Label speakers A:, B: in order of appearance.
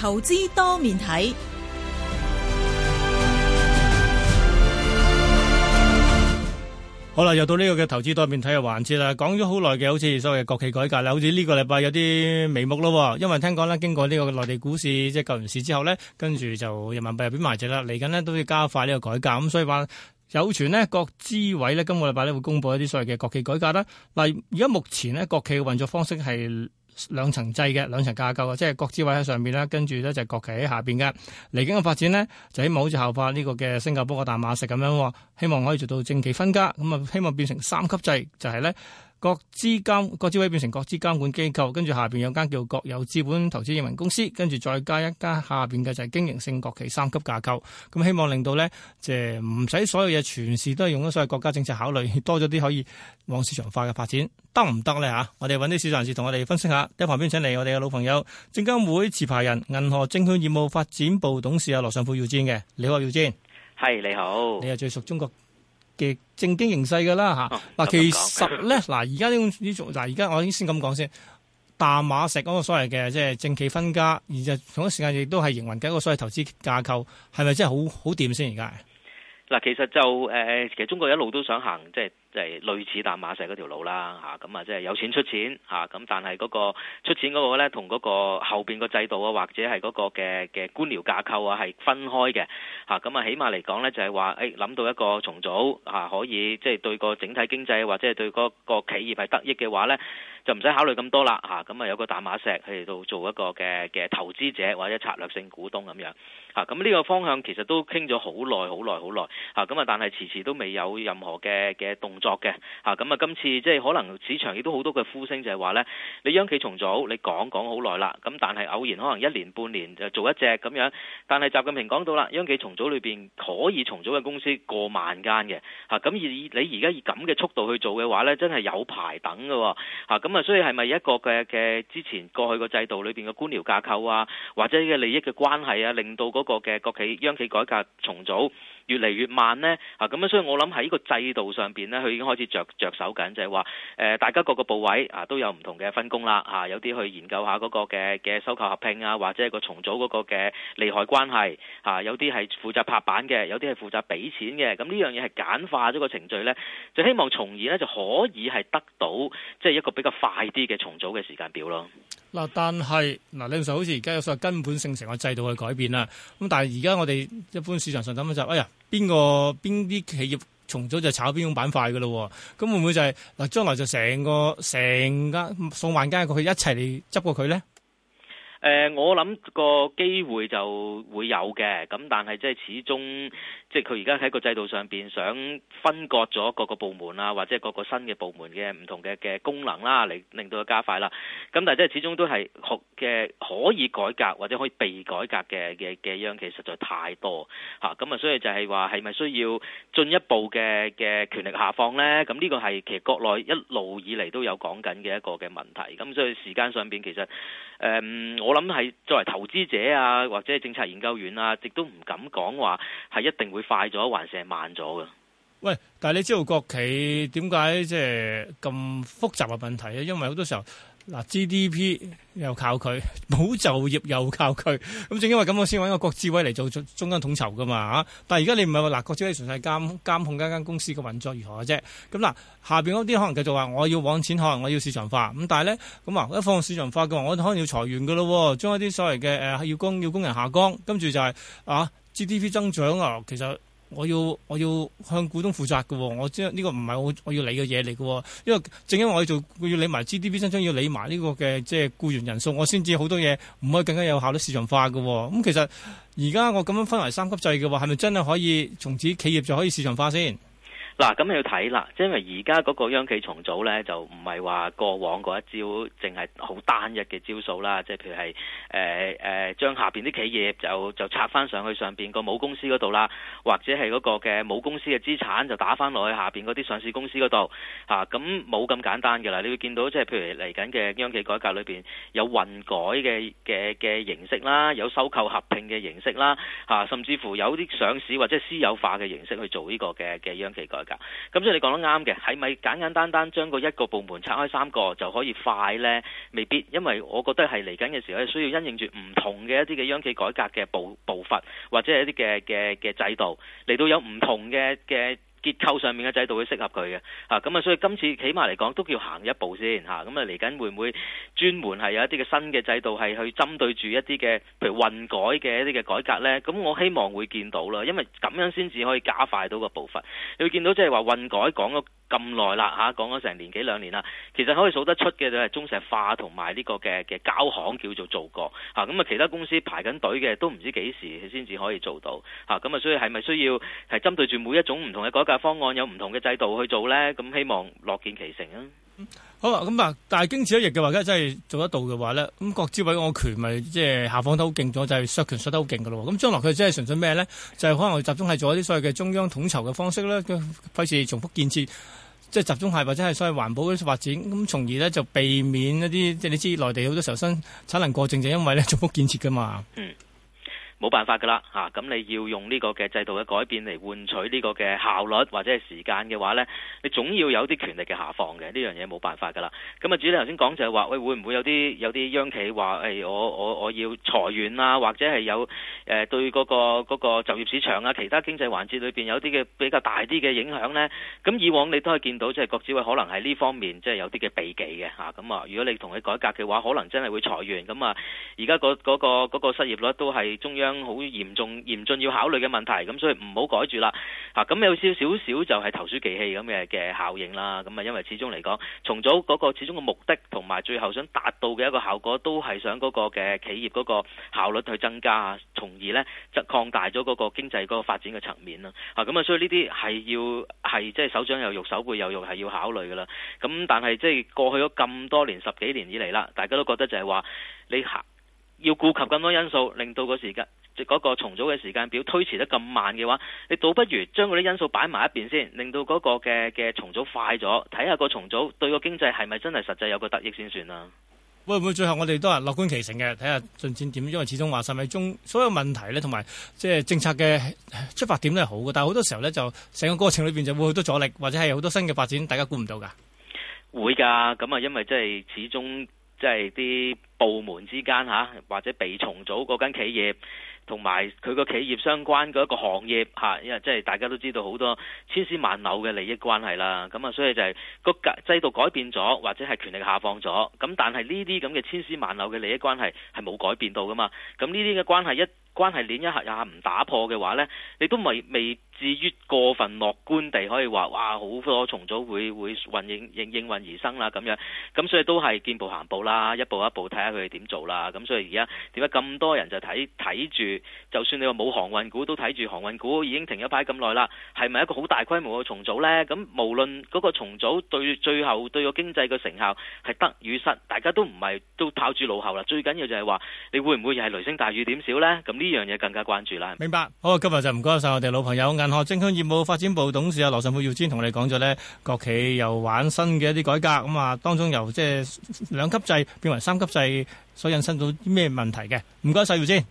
A: 投資多面睇，好啦，又到呢個嘅投資多面睇嘅環節啦。講咗好耐嘅，好似所謂嘅國企改革啦，好似呢個禮拜有啲眉目咯。因為聽講呢，經過呢個內地股市即係救完市之後呢，跟住就人民幣入邊埋着啦。嚟緊呢，都要加快呢個改革咁，嗯，所以話有傳呢，國資委呢，今個禮拜呢會公布一啲所謂嘅國企改革啦。嗱，而家目前呢，國企嘅運作方式係兩層制嘅兩層架構嘅，即係國資委喺上邊啦，跟住咧就國企喺下邊嘅。嚟緊嘅發展咧，就喺冇就效法呢個嘅新加坡嘅淡馬錫咁樣喎，希望可以做到政企分家，咁啊希望變成三級制，就係咧。國資監國資委變成國資監管機構，跟住，下邊有間叫國有資本投資運營公司，跟住再加一間下邊嘅就係經營性國企三級架構，咁希望令到咧，即係唔使所有嘢，全市都係用咗所謂國家政策考慮，多咗啲可以往市場化嘅發展，得唔得咧吓？我哋揾啲市場人士同我哋分析一下，喺旁邊請嚟我哋嘅老朋友，證監會持牌人、銀河證券業務發展部董事阿羅尚沛耀堅嘅，你好，耀堅，係你好，你係最熟中國。嘅政經形勢㗎啦吓，嗱、哦、其實咧，嗱而家呢種，嗱而家我先先咁講先，淡馬錫嗰個所謂嘅即係政企分家，而就同一時間亦都係營運緊嗰個所謂投資架構，係咪真係好好掂先？而家
B: 嗱，其實就誒、呃，其實中國一路都想行即係。就是即係類似淡馬錫嗰條路啦吓，咁啊，即係有錢出錢吓，咁、啊、但係嗰個出錢嗰個咧，同嗰個後邊個制度啊，或者係嗰個嘅嘅官僚架構啊，係分開嘅吓。咁啊起碼嚟講咧，就係話誒諗到一個重組嚇、啊，可以即係對個整體經濟或者係對個企業係得益嘅話咧。就唔使考慮咁多啦嚇，咁啊有個淡馬錫，佢哋到做一個嘅嘅投資者或者策略性股東咁樣嚇，咁呢個方向其實都傾咗好耐好耐好耐嚇，咁啊但係遲遲都未有任何嘅嘅動作嘅嚇，咁啊今次即係可能市場亦都好多嘅呼聲就係話呢：「你央企重組你講講好耐啦，咁但係偶然可能一年半年就做一隻咁樣，但係習近平講到啦，央企重組裏邊可以重組嘅公司過萬間嘅嚇，咁而你而家以咁嘅速度去做嘅話呢，真係有排等㗎喎嚇，咁啊。所以係咪一個嘅嘅之前過去個制度裏邊嘅官僚架構啊，或者呢個利益嘅關係啊，令到嗰個嘅國企央企改革重組，越嚟越慢呢。啊，咁樣，所以我諗喺呢個制度上邊呢，佢已經開始着著手緊，就係話誒，大家各個部位啊都有唔同嘅分工啦啊，有啲去研究下嗰個嘅嘅收購合併啊，或者個重組嗰個嘅利害關係啊，有啲係負責拍板嘅，有啲係負責俾錢嘅。咁呢樣嘢係簡化咗個程序呢，就希望從而呢就可以係得到即係、即係、一個比較快啲嘅重組嘅時間表咯。
A: 嗱，但係嗱，你又想好似而家有所謂根本性成個制度嘅改變啦。咁但係而家我哋一般市場上諗翻就哎呀，邊個邊啲企業重組就炒邊種板塊嘅咯？咁會唔會就係、是、嗱，將來就成個成間送萬家，家過去一齊嚟執過佢咧？
B: 誒、呃，我諗個機會就會有嘅，咁但係即係始終，即係佢而家喺個制度上邊想分割咗各個部門啊，或者各個新嘅部門嘅唔同嘅嘅功能啦、啊，嚟令到佢加快啦。咁但係即係始終都係可嘅可以改革或者可以被改革嘅嘅嘅央企實在太多嚇咁啊，所以就係話係咪需要進一步嘅嘅權力下放呢？咁呢個係其實國內一路以嚟都有講緊嘅一個嘅問題。咁所以時間上邊其實。誒、嗯，我諗係作為投資者啊，或者係政策研究員啊，亦都唔敢講話係一定會快咗，還是係慢咗嘅。
A: 喂，但係你知道國企點解即係咁複雜嘅問題咧、啊？因為好多時候。嗱 GDP 又靠佢，保就業又靠佢，咁正因為咁，我先揾個國資委嚟做中中間統籌噶嘛吓、啊。但係而家你唔係話嗱，國資委純粹監監控間間公司嘅運作如何嘅、啊、啫。咁、啊、嗱，下邊嗰啲可能繼續話我要往錢看，可能我要市場化。咁但係咧，咁啊一放市場化嘅話，我哋可能要裁員噶咯，將一啲所謂嘅誒、呃、要工要工人下崗，跟住就係、是、啊 GDP 增長啊，其實。我要我要向股東負責嘅，我將呢個唔係我我要理嘅嘢嚟嘅，因為正因為我要做，我要理埋 GDP 增長，要理埋呢個嘅即係僱員人數，我先至好多嘢唔可以更加有效率市場化嘅。咁，嗯，其實而家我咁樣分為三級制嘅話，係咪真係可以從此企業就可以市場化先？
B: 嗱，咁你、啊、要睇啦，即係而家嗰個央企重組咧，就唔係話過往嗰一招，淨係好單一嘅招數啦。即係譬如係誒誒，將下邊啲企業就就拆翻上去上邊個母公司嗰度啦，或者係嗰個嘅母公司嘅資產就打翻落去下邊嗰啲上市公司嗰度嚇。咁冇咁簡單嘅啦，你會見到即係譬如嚟緊嘅央企改革裏邊有混改嘅嘅嘅形式啦，有收購合併嘅形式啦嚇、啊，甚至乎有啲上市或者私有化嘅形式去做呢個嘅嘅央企改。咁、嗯、所以你講得啱嘅，係咪簡簡單單將個一個部門拆開三個就可以快咧？未必，因為我覺得係嚟緊嘅時候，需要因應住唔同嘅一啲嘅央企改革嘅步步伐，或者係一啲嘅嘅嘅制度，嚟到有唔同嘅嘅。結構上面嘅制度會適合佢嘅嚇，咁啊、嗯、所以今次起碼嚟講都叫行一步先嚇，咁啊嚟緊、嗯、會唔會專門係有一啲嘅新嘅制度係去針對住一啲嘅譬如混改嘅一啲嘅改革呢？咁、嗯、我希望會見到啦，因為咁樣先至可以加快到個步伐。你會見到即係話混改講咁耐啦嚇，講咗成年幾兩年啦，其實可以數得出嘅就係中石化同埋呢個嘅嘅交行叫做做過嚇，咁啊其他公司排緊隊嘅都唔知幾時先至可以做到嚇，咁啊，啊所以係咪需要係針對住每一種唔同嘅改革方案有唔同嘅制度去做呢？咁、啊、希望樂見其成啊！
A: 好啊，咁啊，但係今此一役嘅話，梗係真係做得到嘅話咧，咁國資委個權咪即係下放都好勁咗，就係削權削得好勁噶咯。咁將來佢真係純粹咩咧？就係可能集中係做一啲所謂嘅中央統籌嘅方式啦，費事重複建設，即係集中係或者係所謂環保嘅發展，咁從而咧就避免一啲即係你知內地好多時候生產能過剩，就因為咧重複建設噶嘛。嗯
B: 冇辦法㗎啦，吓、啊，咁你要用呢個嘅制度嘅改變嚟換取呢個嘅效率或者係時間嘅話咧，你總要有啲權力嘅下放嘅，呢樣嘢冇辦法㗎啦。咁啊，主席頭先講就係、是、話，喂，會唔會有啲有啲央企話誒、哎、我我我要裁員啊，或者係有誒、呃、對嗰、那個嗰、那個就業市場啊，其他經濟環節裏邊有啲嘅比較大啲嘅影響咧？咁以往你都係見到，即、就、係、是、國資委可能係呢方面即係有啲嘅避忌嘅吓，咁啊，啊，如果你同佢改革嘅話可能真係會裁員咁啊，而家、那個嗰、那個嗰、那個失業率都係中央。好嚴重、嚴峻，要考慮嘅問題，咁所以唔好改住啦。嗱、啊，咁有少少少就係投鼠忌器咁嘅嘅效應啦。咁啊，因為始終嚟講，重組嗰個始終嘅目的同埋最後想達到嘅一個效果，都係想嗰個嘅企業嗰個效率去增加，從而呢就擴大咗嗰個經濟嗰個發展嘅層面啦。啊，咁啊，所以呢啲係要係即係手掌有肉，手背有肉，係要考慮噶啦。咁但係即係過去咗咁多年、十幾年以嚟啦，大家都覺得就係話你要顧及咁多因素，令到個時間。嗰個重組嘅時間表推遲得咁慢嘅話，你倒不如將嗰啲因素擺埋一邊先，令到嗰個嘅嘅重組快咗，睇下個重組對個經濟係咪真係實際有個得益先算啊？
A: 會唔會最後我哋都係樂觀其成嘅，睇下進展點？因為始終話晒咪中所有問題咧，同埋即係政策嘅出發點都係好嘅，但係好多時候咧就成個過程裏邊就會好多阻力，或者係有好多新嘅發展，大家估唔到㗎。
B: 會㗎，咁啊，因為即係始終即係啲部門之間吓，或者被重組嗰間企業。同埋佢個企業相關嘅一個行業吓、啊，因為即係大家都知道好多千絲萬縷嘅利益關係啦。咁啊，所以就係個制度改變咗，或者係權力下放咗。咁、啊、但係呢啲咁嘅千絲萬縷嘅利益關係係冇改變到噶嘛。咁呢啲嘅關係一關係鏈一下一下唔打破嘅話咧，你都未未至於過分樂觀地可以話哇好多重組會會運應應運而生啦咁樣，咁、啊、所以都係見步行步啦，一步一步睇下佢哋點做啦。咁、啊、所以而家點解咁多人就睇睇住？就算你話冇航運股都睇住航運股，已經停咗牌咁耐啦。係咪一個好大規模嘅重組呢？咁無論嗰個重組對最後對個經濟嘅成效係得與失，大家都唔係都拋諸腦後啦。最緊要就係話你會唔會又係雷聲大雨點小呢？咁呢樣嘢更加關注啦。
A: 明白好，今日就唔該晒我哋老朋友，銀河證券業務發展部董事阿羅尚沛耀堅同你講咗呢：國企又玩新嘅一啲改革咁啊，當中由即係兩級制變為三級制，所引申到啲咩問題嘅？唔該晒耀堅。